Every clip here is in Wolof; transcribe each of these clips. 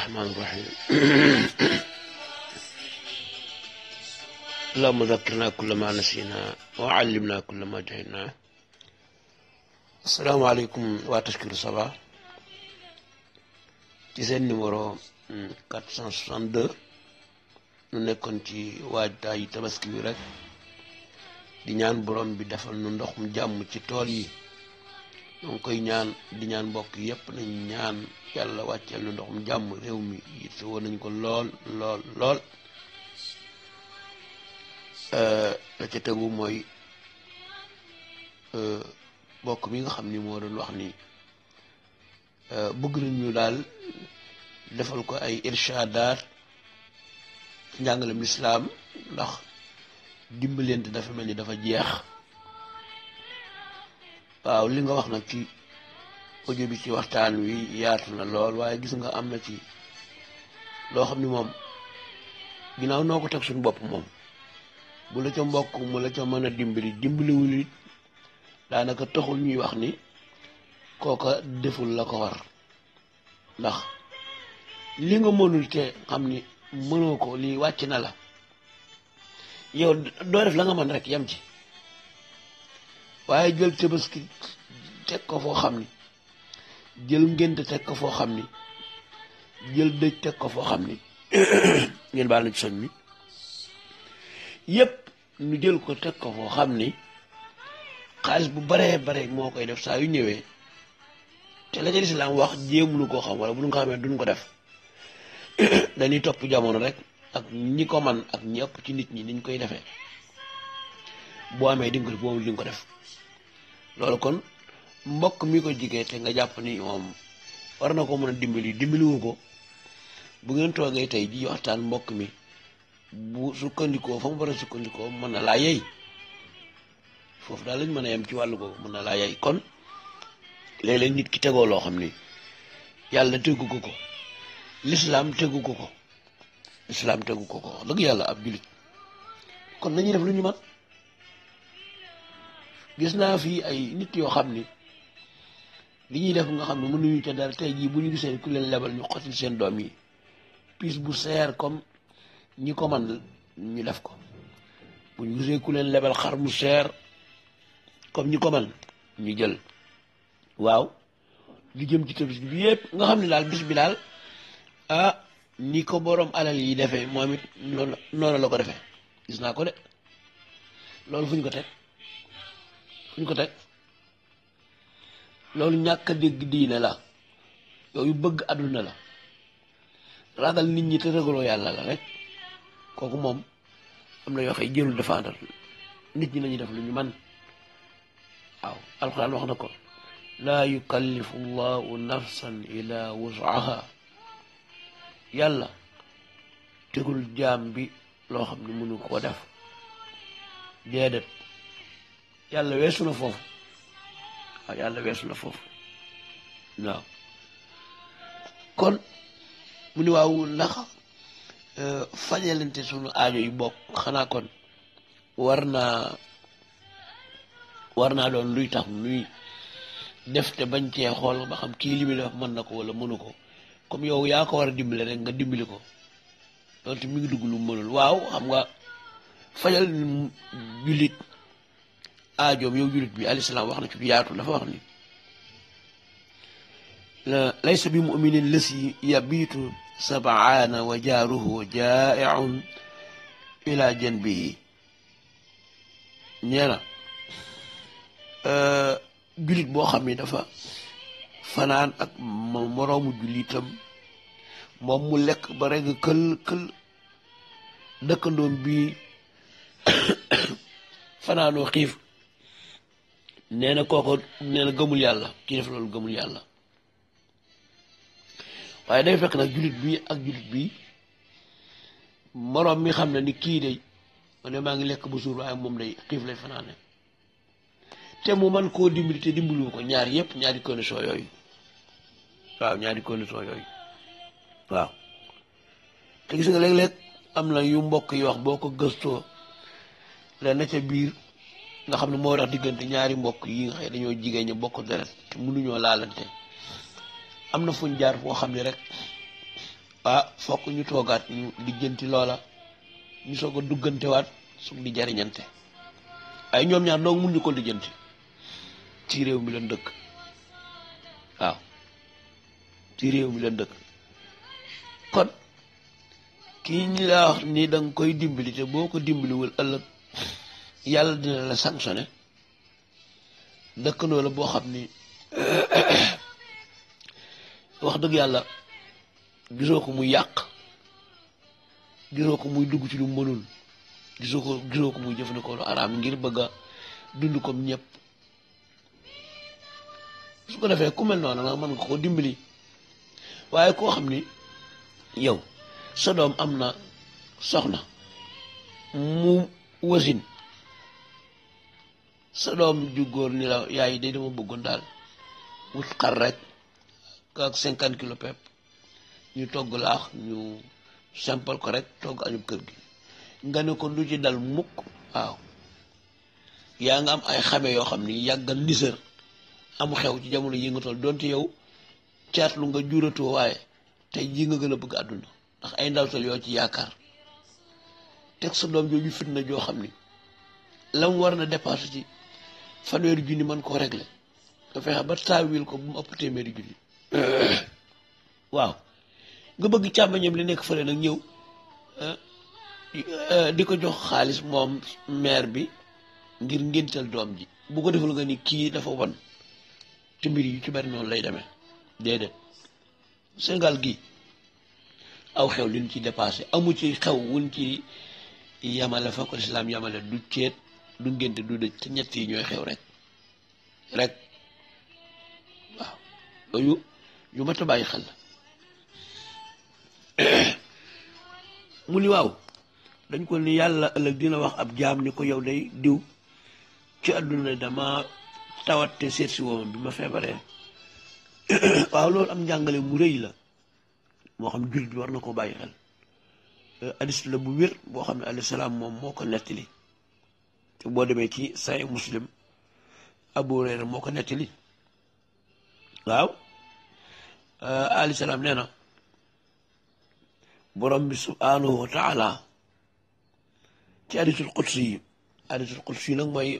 الرحمن الرحيم اللهم ذكرنا كل ما نسينا وعلمنا كل ما جهلنا السلام عليكم وتشكر صباح ci seen numéro 462 hmm, ñu nekkoon ci waajtaayu tabaski bi rek di ñaan borom bi defal nu ndox mu jàmm ci tool yi ñoo koy ñaan di ñaan mbokk yépp nañ ñaan yàlla wàcceel na ndoxum jàmm réew mi yitte woon nañ ko lool lool lool la ca tegu mooy mbokk mi nga xam ni moo doon wax ni bëgg nañ ñu daal defal ko ay irshadaat njàngalem lislaam ndax dimbalante dafa mel ni dafa jeex waaw li nga wax nag ci ojo bi ci waxtaan wi yaatu na lool waaye gis nga am na ci loo xam ni moom ginnaaw noo ko teg suñu bopp moom bu la ca mbokk mu la ca mën a dimbali dimbaliwul it daanaka taxul ñuy wax ni kooka deful la ko war ndax li nga mënul te xam ni mënoo ko lii wàcc na la yow doo def la nga mën rek yem ci waaye jël tabaski teg ko foo xam ni jël ngénte teg ko foo xam ni jël dëj teg ko foo xam ni ngeen baal ci soñ mi yépp ñu jël ko teg ko foo xam ni xaalis bu baree bare moo koy def saa yu ñëwee te la ca lislaam wax jéemulu koo xam wala bu ñu ko xamee duñ ko def dañuy topp jamono rek ak ñi ko man ak ñi ci nit ñi niñ koy defee boo amee dinga ko def boobu dinga ko def loolu kon mbokk mi ko jigee te nga jàpp ni moom war na ko mën a dimbali dimbaliwu ko bu ngeen toogee tey ji waxtaan mbokk mi bu sukkandikoo fa war a sukkandikoo mën a laa yey foofu daal lañ mën a yem ci wàllu googu mën na laa yey kon léeg nit ki tegoo loo xam ni yàlla tegu ko lislaam tegu ko ko lislaam tegu ko ko wax dëgg yàlla ab julit kon nañuy def lu ñu gis naa fii ay nit yoo xam ni li ñuy def nga xam ne mënuñu ca dara tey jii bu ñu gisee ku leen lebal ñu xotil seen doom yi piis bu seer comme ñi ko man ñu def ko bu ñu gisee ku leen lebal xar mu seer comme ñi ko man ñu jël waaw lu jëm ci tabaski bi yépp nga xam ne daal bis bi daal ah ni ko boroom alal yi defee moom it noonu la ko defee gis naa ko de loolu fu ñu ko te ñu ko teg loolu ñàkk a dégg diine la yu bëgg àdduna la ragal nit ñi te ragaloo yàlla la rek kooku moom am na yoo xëy jërul défendre nit ñi lañuy def lu ñu man waaw alxuraan wax na ko laa yukallifu llahu nafsan ila wusaha yàlla tegul jaam bi loo xam ne mënu def déedéet yàlla weesu na foofu waaw ah, yàlla foofu waaw kon mu ni waaw ndax euh, fajalante sunu aajo yi bokk xanaa kon war naa war naa doon luy tax nuy def bañ cee xool ba xam kii li muy def mën na ko wala mënu ko comme yow yaa ko war a dimbale rek nga dimbali ko loolu te ngi dugg lu mënul waaw xam nga fajal jullit aajoom yow julit bi alayhi salaam wax na ci lu yaatu dafa wax ni laysa bi muminin lasi yabiitu sabaana wa jaaruhu ila janbihi nee euh, julit boo xam ne dafa fanaan ak julitam moom lekk ba kël kël dëkkandoom bi fanaanoo xiif nee na kooko nee na gëmul yàlla ki def loolu gëmul yàlla waaye day fekk nag jullit bii ak jullit bi moroom mi xam na ni kii de man maa ngi lekk bu suur waaye moom day xiif lay fanaane te mu man koo dimbali te dimbaliwu ko ñaar yépp ñaari condition yooyu waaw ñaari condition yooyu waaw te gis nga léeg-léeg am na yu mbokk yi wax boo ko gëstoo la na biir nga xam ne moo tax diggante ñaari mbokk yi nga xëy dañoo jigéen ñu bokk deret te mënuñoo laalante am na fuñ jaar foo xam ne rek ah fokk ñu toogaat ñu lijjanti loola ñu soog a duggantewaat su di jariñante ay ñoom ñaar donc ñu ko lijjanti ci réew mi leen dëkk waaw ci réew mi leen dëkk kon kii ñu laa wax ni danga koy dimbali te boo ko dimbaliwul ëllëg yàlla dina la sanctionné dëkkandoo la boo xam ni wax dëgg yàlla gisoo ko muy yàq gisoo ko muy dugg ci lu mënul gisoo ko gisoo ko muy jëfandikoo lu araam ngir bëgg dund comme ñëpp su ko defee ku mel noonu nga mën nga ko dimbali waaye koo xam ni yow sa am na soxna mu wasin sa doom ju góor ni la yaay day dama bëggoon daal wut xar rek ak cinquante kilo pepp ñu togg laax ñu simple ko rek togg añu kër gi nga ne ko lu ci dal mukk waaw yaa nga am ay xame yoo xam ni yàggal nisër amu xew ci jamono yi nga toll donte yow caatlu nga juratoo waaye te jii nga gën a bëgg àdduna ndax ay ndawtal yoo ci yaakaar teg sa doom jooju fitna joo xam ni lam war na dépassé ci fanweeri junni man koo régler nga fexe ba taawil ko bu mu ëpp téeméeri junni waaw nga bëgg càmmañam li nekk fële nag ñëw eh, eh, di ko jox xaalis moom maire bi ngir ngéntal doom ji bu ko deful nga ni kii dafa won te mbir yu ci bari noonu lay demee déedéet Sénégal gi aw xew li ñu ci dépassé amu ci xew wuñ ci yamale fa ko lislaam yamale du ceet du ngénte du dëj te ñett yi ñooy xew rek rek waaw yooyu yu mat a bàyyi xel mu ni waaw dañ ko ni yàlla ëllëg dina wax ab jaam ni ko yow day diw ci àdduna dama tawat te seet si bi ma feebaree waaw loolu am njàngale mu rëy la moo xam jullit bi war na ko bàyyi xel euh, hadis la bu wér boo xam ne alayhi salaam moom moo ko li te boo demee ci Sahih Muslim Abu Hurayra moo ko nettali waaw euh, alayhi salaam nee na borom bi subhaanahu wa taala ci hadiisul qudsi yi hadiisul qudsi yi nag mooy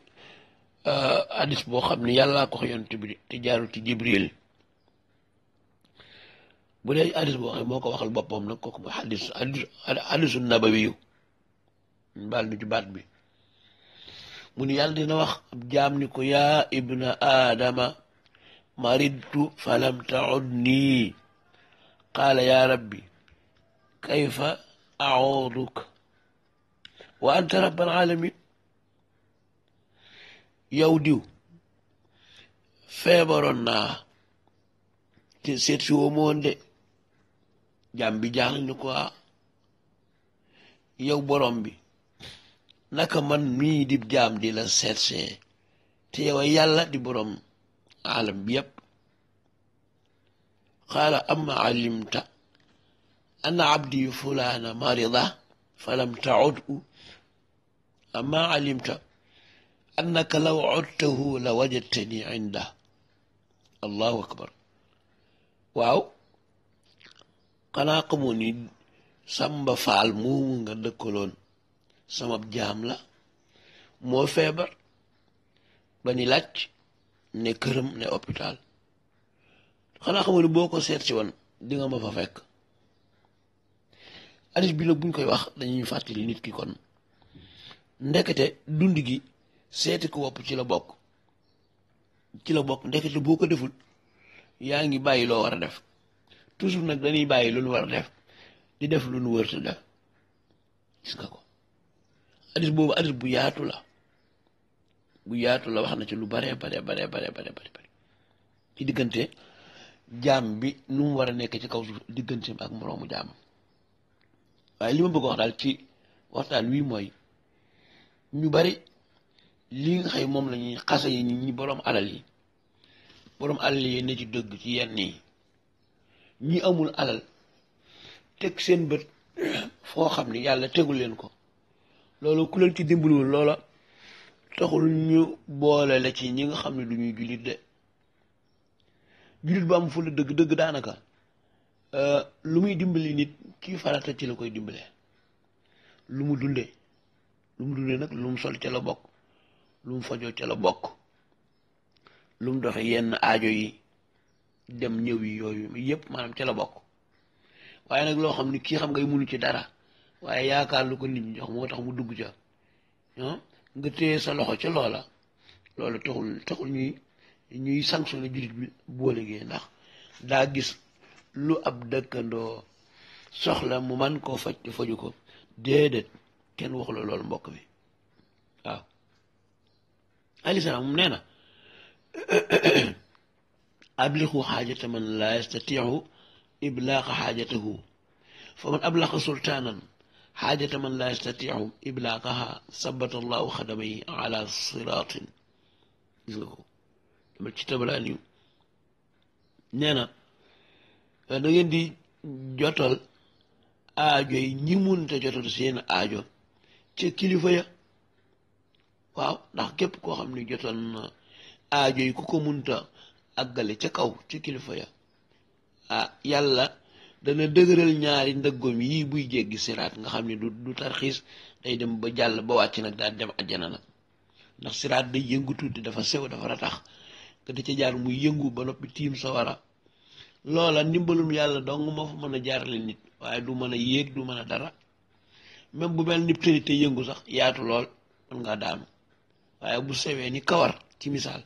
euh, hadis boo xam ne yàllaa ko yonent bi te jaarul ci Jibril bu dee hadis boo xam moo ko waxal boppam nag kooku mooy hadis hadisu nabawi yu mbaal nu ci baat bi mu ni yàlla dina wax ab jaam ni ko yaa ibna aadama maridtu falam taud nii qaala yaa rabbi kayfa auduk wa anta rabbal alamin yow diw feebaroon naa te seet si woo moon de jaam ni ko ah, yow borom bi naka man mii di jaam di la seetse te yow yàlla di boroom alam bi yépp qaala amma alimta anna abdi fulaana marida falam taudu amma alimta annaka law udtahu la wajadtani inda allahu akbar waaw xanaa xamoo ni Samba Faal moomu nga dëkkaloon sama jaam la moo feebar ba ni laaj ne këram ne hôpital xanaa xam ne boo ko seet si woon di nga ma fa fekk hadis bi nag buñ koy wax dañuy fàttali nit ki kon ndekete dund gi seeti ko wopp ci la bokk ci la bokk ndekete boo ko deful yaa ngi bàyyi loo war a def toujours nag dañuy bàyyi lu nu war a def di def lu nu wërta def nga ko hadis boobu hadis bu yaatu la bu yaatu la wax na ci lu bare bare bare bare bare bare ci diggante jaam bi nu mu war a nekk ci kaw suuf digganteem ak moroomu jaamam waaye li ma bëgg wax daal ci waxtaan wii mooy ñu bari lii nga xëy moom lañuy ñuy xase yi ñi ñi boroom alal yi boroom alal yi ne ci dëgg ci yenn yi ñi amul alal teg seen bët foo xam ne yàlla tegul leen ko loolu ku leen ci dimbaliwul loola taxul ñu boole la ci ñi nga xam ne du ñuy jullit de jullit bu am fu la dëgg-dëgg daanaka euh, lu muy dimbali nit ci farata ci la koy dimbale lu mu dundee lu mu dunde nag lu mu sol ca la bokk lu mu fajoo ca la bokk lu mu doxe yenn ajo yi dem ñëw yi yooyu yëpp maanaam ca la bokk waaye nag loo xam ni kii xam ngay munu ci dara waaye yaakaar lu ko nit ñi jox moo tax mu dugg ca ah, nga téye sa loxo ca loola loolu taxul taxul ñuy ñuy sanctionné jullit bi boole gi ndax daa gis lu ab dëkkandoo soxla mu man koo faj te faju ko déedéet kenn waxu la loolu mbokk bi waaw aleyhi salaam nee na ablixu xaajata man laa yastatiixu iblaaqa xaajatahu fa man ablaqa sultaanan xaajata man laa yastatiu iblaaqaha sabata allahu xadamay ala siraatin gis nga na da ngeen di aajo yi ñi munte jotal seen aajo ci kilifa waaw ndax képp koo xam ne jotal na yi ku ko munta àggale ca kaw ci kilifa ya ah, dana dëgëral ñaari ndëggoom yii buy jéggi siraat nga xam ne du du tarxiis day dem ba jàll ba wàcc nag daal dem àjjana nag ndax siraat day yëngu tuuti dafa sew dafa ratax nga di ca jaar muy yëngu ba noppi tiim sawara loola ndimbalum yàlla dong moo mën a jaarale nit waaye du mën a yéeg du mën a dara même bu mel ni te yëngu sax yaatu lool mën ngaa daanu bu sewee ni kawar ci jaar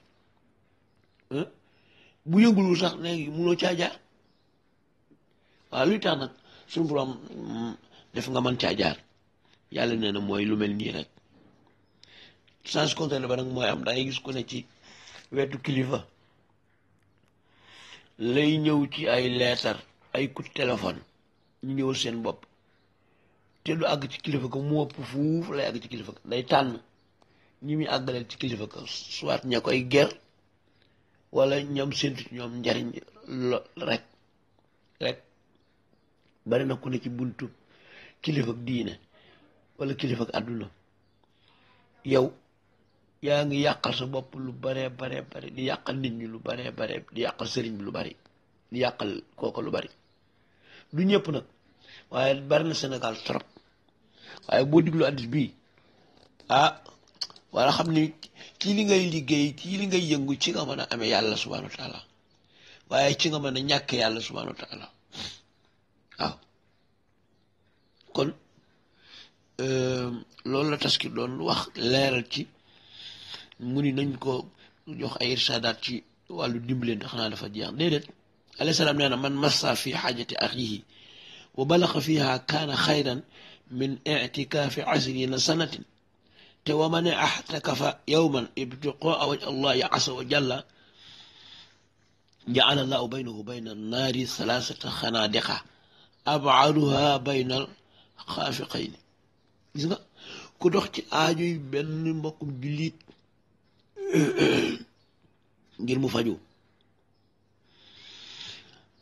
waaw luy tax nag suñu borom mm, def nga mën caa jaar yàlla nee na mooy lu mel nii rek sens contraire ba nag mooy am dangay gis ku ne ci wetu kilifa lay ñëw ci ay leetar ay coup de ñu ñëw seen bopp te du àgg ci kilifa ko mu ëpp fuuf lay àgg ci kilifa ko day tànn ñi muy àggaleel ci kilifa ko soit ña koy ger wala ñam séntu ñoom njariñ lo rek bari na ku ne ci buntu kilifa diine walla kilifa àdduna yow yaa ngi yàqal sa bopp lu baree baree bari di yàqal nit ñi lu baree bare di yàqal sëriñ bi lu bari di yàqal kooka lu bari du ñëpp nag waaye bari na senegal trop waaye boo diglu addis bii ah wala xam ni ci li ngay liggéey ci li ngay yëngu ci nga mën a amee yàlla subhanahu wa taala waaye nga mën a ñàkk yàlla subhanahu wa taala waaw ah. kon euh, loolu la taski doon wax leeral ci mu ni nañ ko jox ay irsaadaat ci wàllu dimbalante xanaa dafa jeex déedéet salaam nee man massa fi xaajati axihi wa balaxa fiha kaana xayran min itikaafi asrina sanatin te wa man axtakafa yowman ibtiqaa waj allahi asa wa jalla jaala allahu baynahu bayna annaari salaasata xanaadiqa abaaduha baynal xaafiqayni gis nga ku dox ci aajuy benn mbokkum jullit ngir mu faju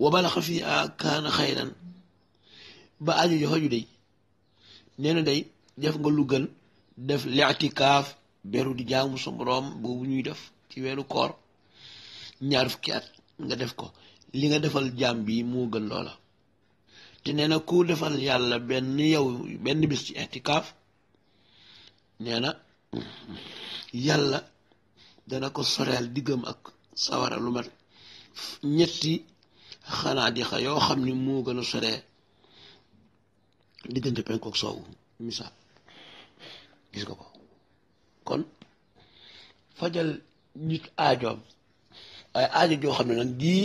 wa balaxa fi a kaana xayran ba aju jo faju day nee day def nga lu gën def li'tikaaf beru di jaamu sa boroom boobu ñuy def ci weeru koor ñaar fukki at nga def ko li nga defal jaam bi moo gën loola te nee na ku defal yàlla benn yow benn bis ci itikaaf nee na yàlla dana ko soreel diggam ak sawara lu mat ñetti xanaa di xa yoo xam ni moo gën a soree diggante penku ak soowu misaal gis ko ko kon fajal nit aajoom ay aajo joo xam ne nag jii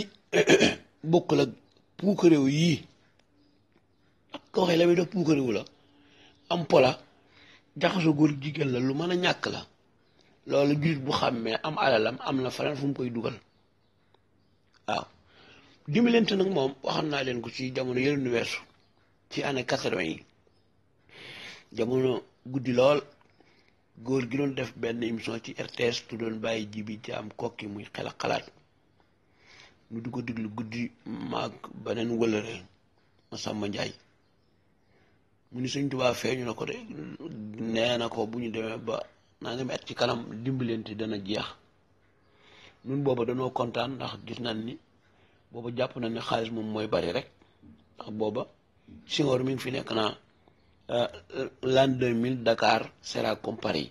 bokkul ak puuk yii koo xëy la muy def puukariwu la am pola jaxasoo góor jigéen la lu mën a ñàkk la loolu jullit bu xàmmee am alalam am na fanaan fu mu koy dugal waaw dimbalante nag moom waxoon naa leen ko ci jamono yële nu weesu ci année quatre-vingt yi jamono guddi lool góor gi doon def benn émission ci RTS tu doon bàyyi ji bi jaam kokki muy xel xalaat ñu di ko diglu guddi maag beneen wëlëre Masamba Njaay mu ni suñ Tuubaa feeñu na ko de nee na ko bu ñu demee ba naa nga at ci kanam dimbalante dana jeex ñun booba danoo kontaan ndax gis nañ ni booba jàpp na ni xaalis moom mooy bari rek ndax booba Senghor mi ngi fi nekk naa euh, l'an 2000 Dakar sera comme Paris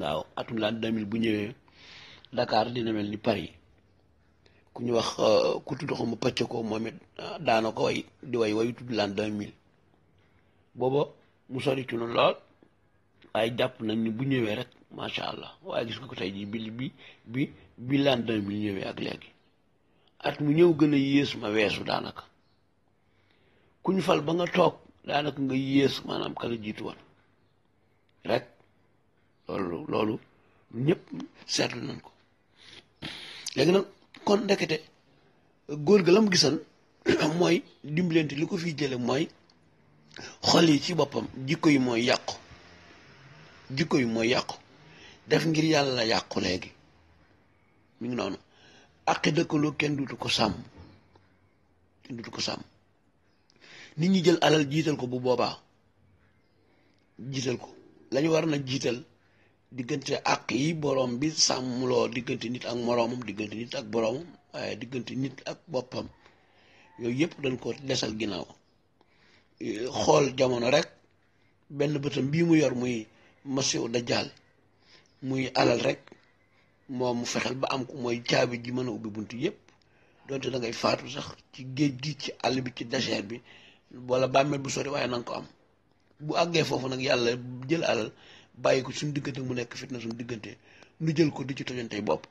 waaw atum l'an 2000 bu ñëwee Dakar dina mel ni yi ku ñu wax euh, ku tudd xaw ma pàcc ko moom it euh, daana ko way di way wayu tudd l'an 2000 booba mu sori ci noonu lool waaye jàpp nañ ni bu ñëwee rek macha allah waaye gis nga ko tey jii bi bi bi bi l'an ñëwee ak léegi at mu ñëw gën a yées ma weesu daanaka ku ñu fal ba nga toog daanaka nga yées maanaam kala jiitu wan rek loolu loolu ñëpp seetlu nañ ko léegi nag kon ndekete góor ga lam gisan mooy dimbalante li ko fiy jële mooy xol yi ci boppam jikko yi mooy yàqu jikko yi mooy yàqu def ngir yàlla la yàqu léegi mi ngi noonu àqi dëkkaloo kenn dutu ko sàmm kenn dutu ko sàmm nit ñi jël alal jiital ko bu boobaa jiital ko lañu war na jiital diggante àq yi boroom bi sàmmloo diggante nit ak moroomam diggante nit ak boroomam waaye diggante nit ak boppam yooyu yëpp dañ ko desal ginnaaw xool jamono rek benn bëtam bii mu yor muy masiw dajjaal muy alal rek moom mu fexel ba am ko mooy caabi ji mën a ubbi bunt yépp donte da ngay faatu sax ci géej gi ci àll bi ci désert bi wala bàmmeel bu sori waaye na nga ko am bu àggee foofu nag yàlla jël alal bàyyi ko suñu diggante mu nekk fitna suñu diggante nu jël ko di ci tojantey bopp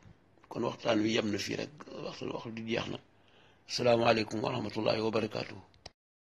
kon waxtaan wi yem na fii rek waxtu waxtu di jeex na asalaamaaleykum wa rahmatullahi wa barakaatu.